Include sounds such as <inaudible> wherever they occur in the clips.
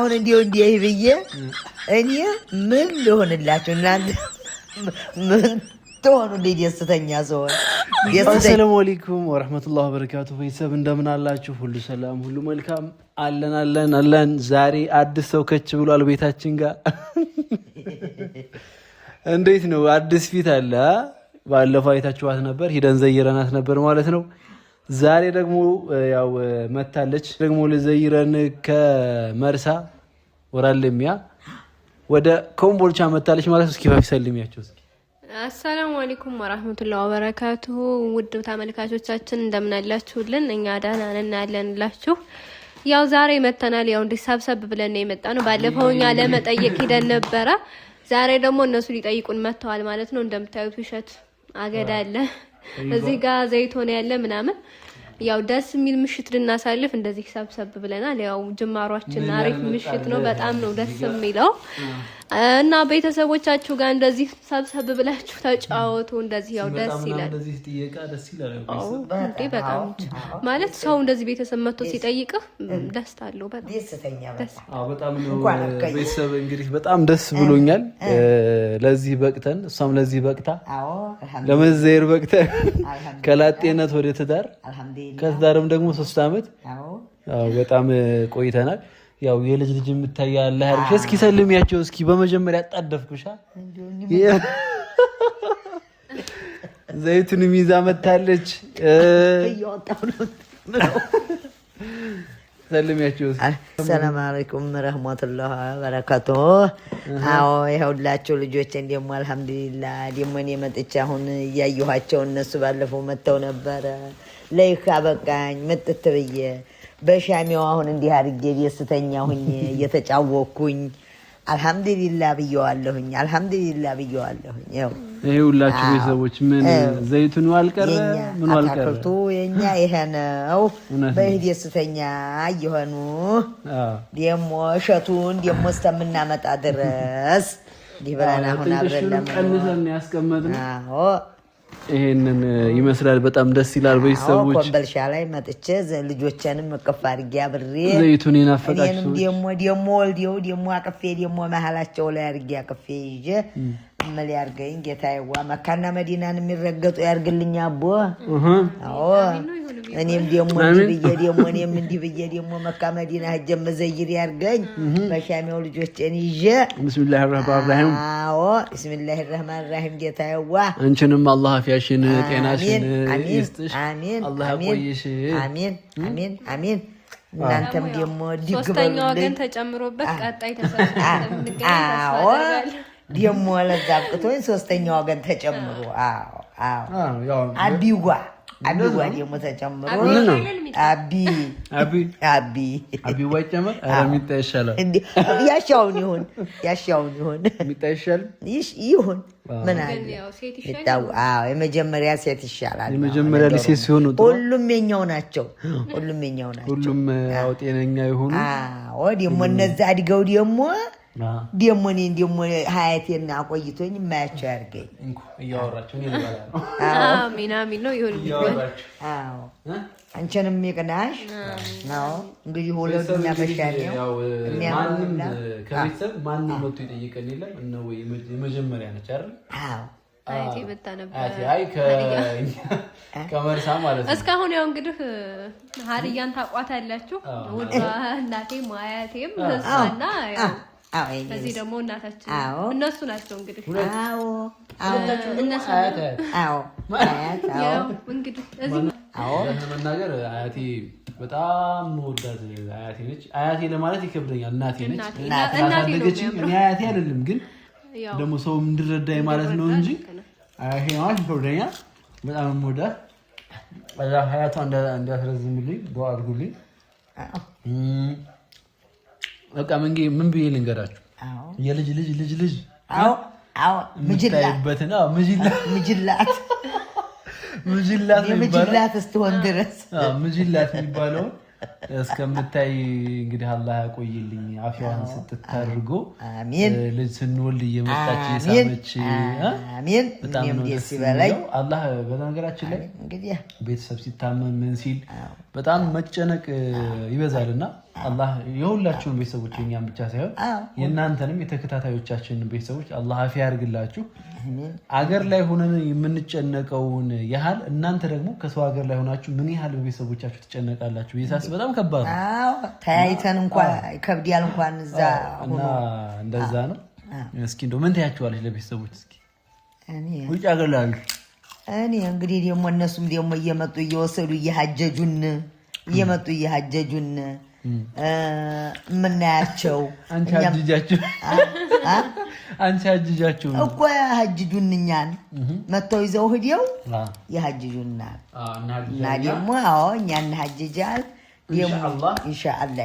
አሁን እንዲሁ እንዲህ ብዬ እኔ ምን ልሆንላችሁ እናንተ ምን ትሆኑልኝ? ደስተኛ ሰሆን አሰላሙ አለይኩም ወረህመቱላህ በረካቱ። ቤተሰብ እንደምን አላችሁ? ሁሉ ሰላም፣ ሁሉ መልካም አለን አለን አለን። ዛሬ አዲስ ሰው ከች ብሏል ቤታችን ጋር። እንዴት ነው? አዲስ ፊት አለ። ባለፈው አይታችኋት ነበር፣ ሂደን ዘይረናት ነበር ማለት ነው ዛሬ ደግሞ ያው መታለች ደግሞ ለዘይረን ከመርሳ ወራለሚያ ወደ ኮምቦልቻ መታለች ማለት እስኪ ፋፊ ሰልሚያቸው እስኪ። አሰላሙ አለይኩም ወራህመቱላሂ ወበረካቱሁ ውድ ተመልካቾቻችን እንደምን አላችሁልን? እኛ ደህና ነን ያለንላችሁ። ያው ዛሬ መተናል። ያው እንዲህ ብለን ነው የመጣ ነው። ባለፈው እኛ ለመጠየቅ ሂደን ነበረ። ዛሬ ደግሞ እነሱ ሊጠይቁን መጥተዋል ማለት ነው። እንደምታዩት ውሸት አገዳለ እዚህ ጋር ዘይት ሆነ ያለ ምናምን ያው ደስ የሚል ምሽት ልናሳልፍ እንደዚህ ሰብሰብ ብለናል። ያው ጅማሯችን አሪፍ ምሽት ነው። በጣም ነው ደስ የሚለው እና ቤተሰቦቻችሁ ጋር እንደዚህ ሰብሰብ ብላችሁ ተጫወቱ። እንደዚህ ያው ደስ ይላል። በጣም ማለት ሰው እንደዚህ ቤተሰብ መጥቶ ሲጠይቅህ ደስ አለው። በጣም ቤተሰብ እንግዲህ በጣም ደስ ብሎኛል። ለዚህ በቅተን እሷም ለዚህ በቅታ ለመዘየር በቅተን ከላጤነት ወደ ትዳር ከዛርም ደግሞ ሶስት ዓመት በጣም ቆይተናል። ያው የልጅ ልጅ የምታይ አለ አይደል? እስኪ ሰልሚያቸው እስኪ በመጀመሪያ አጣደፍኩሻ። ዘይቱን ይዛ መታለች። ሰልሚያቸው ሰላም አለይኩም ረህመቱላህ በረካቱ። አዎ የሁላቸው ልጆች እንደሞ አልሐምዱሊላ ደሞ እኔ መጥቼ አሁን እያየኋቸው እነሱ ባለፈው መጥተው ነበረ ለይካ በቃኝ ምጥት ብዬ በሻሚው አሁን እንዲህ አድርጌ ደስተኛ ሁኝ እየተጫወኩኝ አልሐምዱሊላ ብየዋለሁኝ። አልሐምዱሊላ ብየዋለሁኝ። ው ይሄ ሁላችሁ ቤተሰቦች ምን ዘይቱን አልቀረ ምን አልቀረቱ የኛ ይሄ ነው። በይህ ደስተኛ እየሆኑ ደሞ እሸቱን ደሞ እስከምናመጣ ድረስ እንዲህ ብለን አሁን አብረን ለምን ቀንሰን ያስቀመጥነው ይሄንን ይመስላል። በጣም ደስ ይላል። ቤተሰቦች ኮምበልሻ ላይ መጥቼ ልጆቼንም እቅፍ አድርጌ አብሬ ዘይቱን ናፈቃችሁ ደሞ ደሞ ወልዴው ደሞ አቅፌ ደሞ መሀላቸው ላይ አድርጌ አቅፌ ይዤ ምን ያርገኝ ጌታዬዋ፣ መካና መዲናን የሚረገጡ ያርግልኛ አቦ እኔም ደግሞ ብዬ ደግሞ እኔም እንዲህ ብዬ ደግሞ መካ መዲና ሂጄ መዘይር ያርገኝ በሻሚያው ልጆቼን ይዤ ብስሚላህ ረህማን ራሂም። አዎ ብስሚላህ ረህማን ራሂም። ጌታ የዋ አንቺንም አላህ አፊያሽን ጤናሽን ይስጥሽ። አሚን። አሚን አሚን አሚን። እናንተም ደግሞ ሶስተኛ ወገን ተጨምሮበት ቀጣይ ደግሞ ለዛ አብቅቶኝ ሶስተኛ ወገን ተጨምሮ አዎ አዎ አቢዋ አቢ የመጀመሪያ ሴት ይሻላል። ሁሉም የኛው ናቸው። ሁሉም የኛው ናቸው። ሁሉም ጤነኛ ደግሞ እነዚያ አድገው ደግሞ ደግሞ እኔ እንደሞ ሀያቴና አቆይቶኝ የማያቸው ያድርገኝ። አንቺንም ይቅናሽ። እንግዲህ ሁለዱኛ መሻል ከቤተሰብ የለም። እነ የመጀመሪያ ነች አይደል? ከመርሳ ማለት ነው። እስካሁን ያው እንግዲህ ሀርያን ታቋት ውድ እናቴም አያቴም ህፃና ከዚህ ደግሞ እናታችን ናቸው እንግዲህ ለመናገር አያቴ በጣም መወዳት አያቴ ነች። አያቴ ለማለት ይከብደኛል። እናቴ ነች ያሳደገች። እኔ አያቴ አይደለም ግን ደግሞ ሰው እንድረዳኝ ማለት ነው እንጂ አያቴ ማለት ይከብደኛል። በጣም መወዳት ሀያቷ እንዲያስረዝምልኝ ዱአ አድርጉልኝ። በቃ መንጌ ምን ብዬ ልንገራችሁ? የልጅ ልጅ ልጅ ልጅ ምጅላት ምጅላት ስትሆን ድረስ ምጅላት የሚባለው እስከምታይ እንግዲህ አላህ ያቆይልኝ። አፊዋን ስትታርጎ ልጅ ስንወልድ እየመጣች እየሳመች በጣም አላህ። በነገራችን ላይ ቤተሰብ ሲታመም ምን ሲል በጣም መጨነቅ ይበዛልና አላህ የሁላችሁን ቤተሰቦች የኛም ብቻ ሳይሆን የእናንተንም የተከታታዮቻችንን ቤተሰቦች አላህ አፊ ያርግላችሁ። አገር ላይ ሆነን የምንጨነቀውን ያህል እናንተ ደግሞ ከሰው ሀገር ላይ ሆናችሁ ምን ያህል በቤተሰቦቻችሁ ትጨነቃላችሁ? የሳስ በጣም ከባድ ነው። ተያይተን እንኳን ከብዲያል እንኳን እዛ እና እንደዛ ነው። እስኪ እንደው ምን ታያችኋለች ለቤተሰቦች? እስኪ ውጭ ሀገር ላሉ እኔ እንግዲህ ደግሞ እነሱም ደግሞ እየመጡ እየወሰዱ እየሀጀጁን እየመጡ እየሀጀጁን ምናያቸው አንቺ አጅጃችሁ እኮ ያሀጅጁን እኛን መጥተው ይዘው ህዲው ያሀጅጁናል እና ደግሞ አዎ እኛ እናሀጅጃል ኢንሻአላ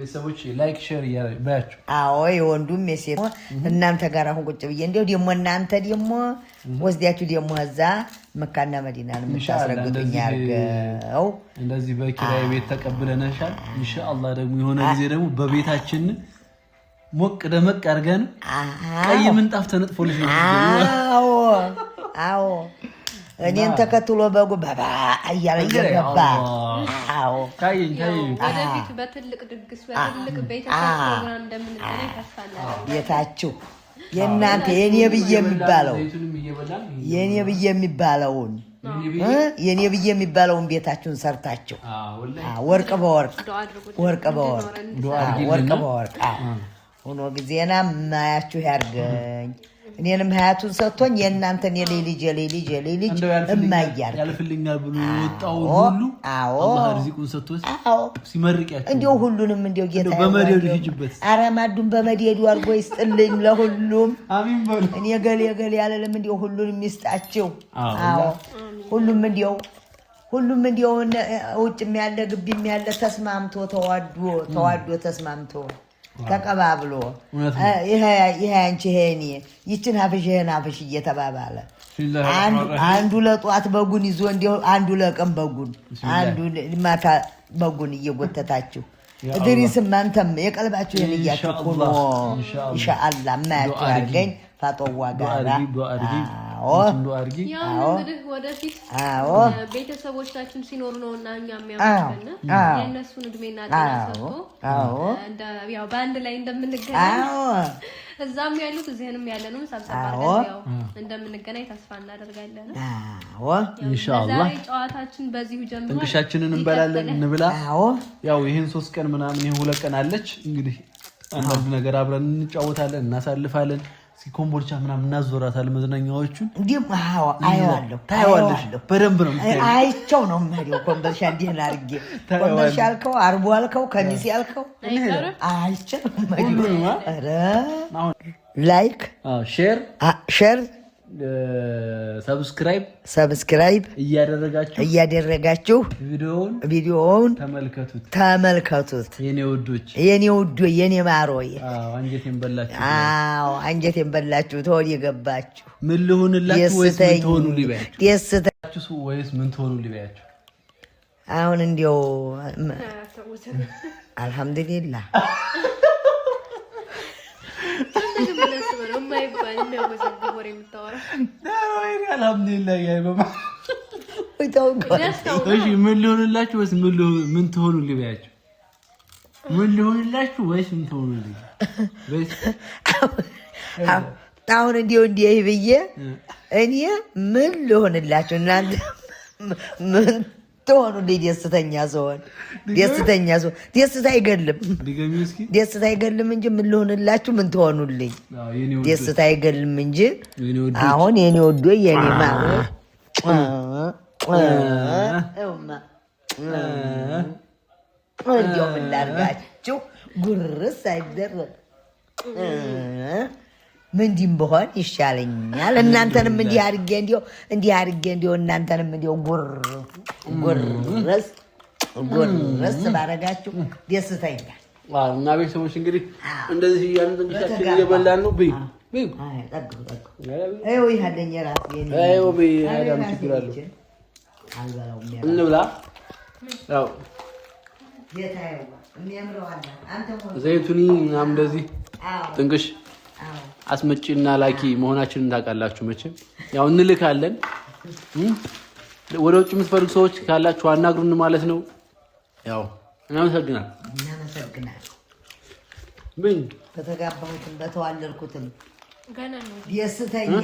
ቤተሰቦች ላይክ ሼር እያባያቸው። አዎ የወንዱም የሴት እናንተ ጋር አሁን ቁጭ ብዬ እንዲያው ደግሞ እናንተ ደግሞ ወስዳችሁ ደግሞ እዛ መካና የምታስረግጡኝ አድርገው እንደዚህ በኪራይ ቤት ተቀብለነሻል። ደግሞ የሆነ ጊዜ ደግሞ በቤታችን ሞቅ ደመቅ አድርገን ቀይ ምንጣፍ ተነጥፎልሽ አዎ አዎ እኔን ተከትሎ በጉ በባ የኔ ብዬ የሚባለው የኔ ብዬ የሚባለውን የኔ ብዬ የሚባለውን ቤታችሁን ሰርታችሁ ወርቅ በወርቅ ወርቅ በወርቅ ወርቅ በወርቅ ሆኖ ጊዜና ማያችሁ ያርገኝ። እኔንም ሀያቱን ሰጥቶኝ የእናንተን የሌ ልጅ የሌ ልጅ የሌ ልጅ እማያል ያልፍልኛል ብሎ ወጣው ሁሉ ሪዚቁን ሰጥቶት ሲመርቂያቸው እንዲሁ ሁሉንም እንዲሁ ጌታ በመደዱ ሂጅበት አረማዱን በመደዱ አድርጎ ይስጥልኝ ለሁሉም። እኔ ገሌ ገሌ ያለለም እንዲሁ ሁሉንም ይስጣችው። ሁሉም እንዲሁ ሁሉም እንዲሁ ውጭም ያለ ግቢም ያለ ተስማምቶ ተዋዶ ተዋዶ ተስማምቶ ተቀባብሎ ይሄ አንቺ ይሄ እኔ ይችን ሀፍሽ ይሄን ሀፍሽ እየተባባለ አንዱ ለጧት በጉን ይዞ እንዲ አንዱ ለቀን በጉን አንዱ ማታ በጉን እየጎተታችሁ እድሪስ መንተም የቀልባችሁ ይህን እያችሁ ሆኖ ኢንሻአላ ማያችሁ ያገኝ ፋጦዋ ጋራ እንዶ አድርጊ። ወደፊት ቤተሰቦቻችን ሲኖሩ ነው እና እኛ የሚያምርብን የእነሱን እድሜና ጤና ሰጥቶ በአንድ ላይ እንደምንገናኝ እዛም ያሉት እዚህንም ያለንም ሰብሰባ እንደምንገናኝ ተስፋ እናደርጋለን። ኢንሻአላ ጨዋታችን በዚሁ ጀምሮ ጥንቅሻችንን እንበላለን፣ እንብላ። ያው ይህን ሶስት ቀን ምናምን ይህን ሁለት ቀን አለች እንግዲህ አንዳንድ ነገር አብረን እንጫወታለን፣ እናሳልፋለን። እስኪ ኮምቦልቻ ምናምን እናዞራታል መዝናኛዎቹን። እንዲሁም አየዋለሁ ታየዋለሁ። በደንብ ነው አይቼው ነው የምሄደው። ኮምቦልቻ እንዲህ አድርጌ ኮምቦልቻ ያልከው አርቦ አልከው፣ ከሚሴ ያልከው አይቸው ላይክ ሼር ሰብስክራይብ ሰብስክራይብ እያደረጋችሁ እያደረጋችሁ ቪዲዮውን ተመልከቱት ተመልከቱት። የኔ ውዶች የኔ ውዶ የኔ ማሮ አንጀቴን በላችሁ። አዎ አንጀቴን በላችሁ። ተወል የገባችሁ ምን ልሆንላችሁ ወይስ ምን ትሆኑ ወይስ ምን ትሆኑ አሁን እንዲያው አልሐምዱሊላህ <laughs> <laughs> የማይባል ምን ልሆንላችሁ ወይስ ምን ትሆኑ ልበያቸው? ምን ልሆንላችሁ ወይስ ምን ትሆኑ አሁን እንዲሁ እንዲህ ብዬ እኔ ምን ልሆንላችሁ እናንተ ተሆኑ እንዴ ደስተኛ ሰሆን ደስተኛ ሰሆን ደስታ አይገልም ደስታ አይገልም እንጂ ምን ልሆንላችሁ ምን ትሆኑልኝ? ደስታ አይገልም እንጂ አሁን የኔ ወዶ የኔ ማ እንዲያው ምን ላድርጋችሁ ጉርስ አይደረግ ምንዲም ብሆን ይሻለኛል። እናንተንም እንዲህ አድርጌ እንዲ እንዲህ አድርጌ እንዲ እናንተንም እንዲ ጉር ጉርስ ጉርስ ባረጋችሁ ደስተኛል። እና ቤተሰቦች እንግዲህ እንደዚህ እያንዳንዳችን እየበላን ነው። ብይ ዘይቱኒ ምናምን እንደዚህ ጥንቅሽ አስመጪና ላኪ መሆናችን እንዳውቃላችሁ መቼም ያው እንልካለን። ወደ ውጭ የምትፈልጉ ሰዎች ካላችሁ አናግሩን ማለት ነው። ያው እናመሰግናል እናመሰግናል። ምን በተጋባሁትም በተዋለድኩትም ደስተኛ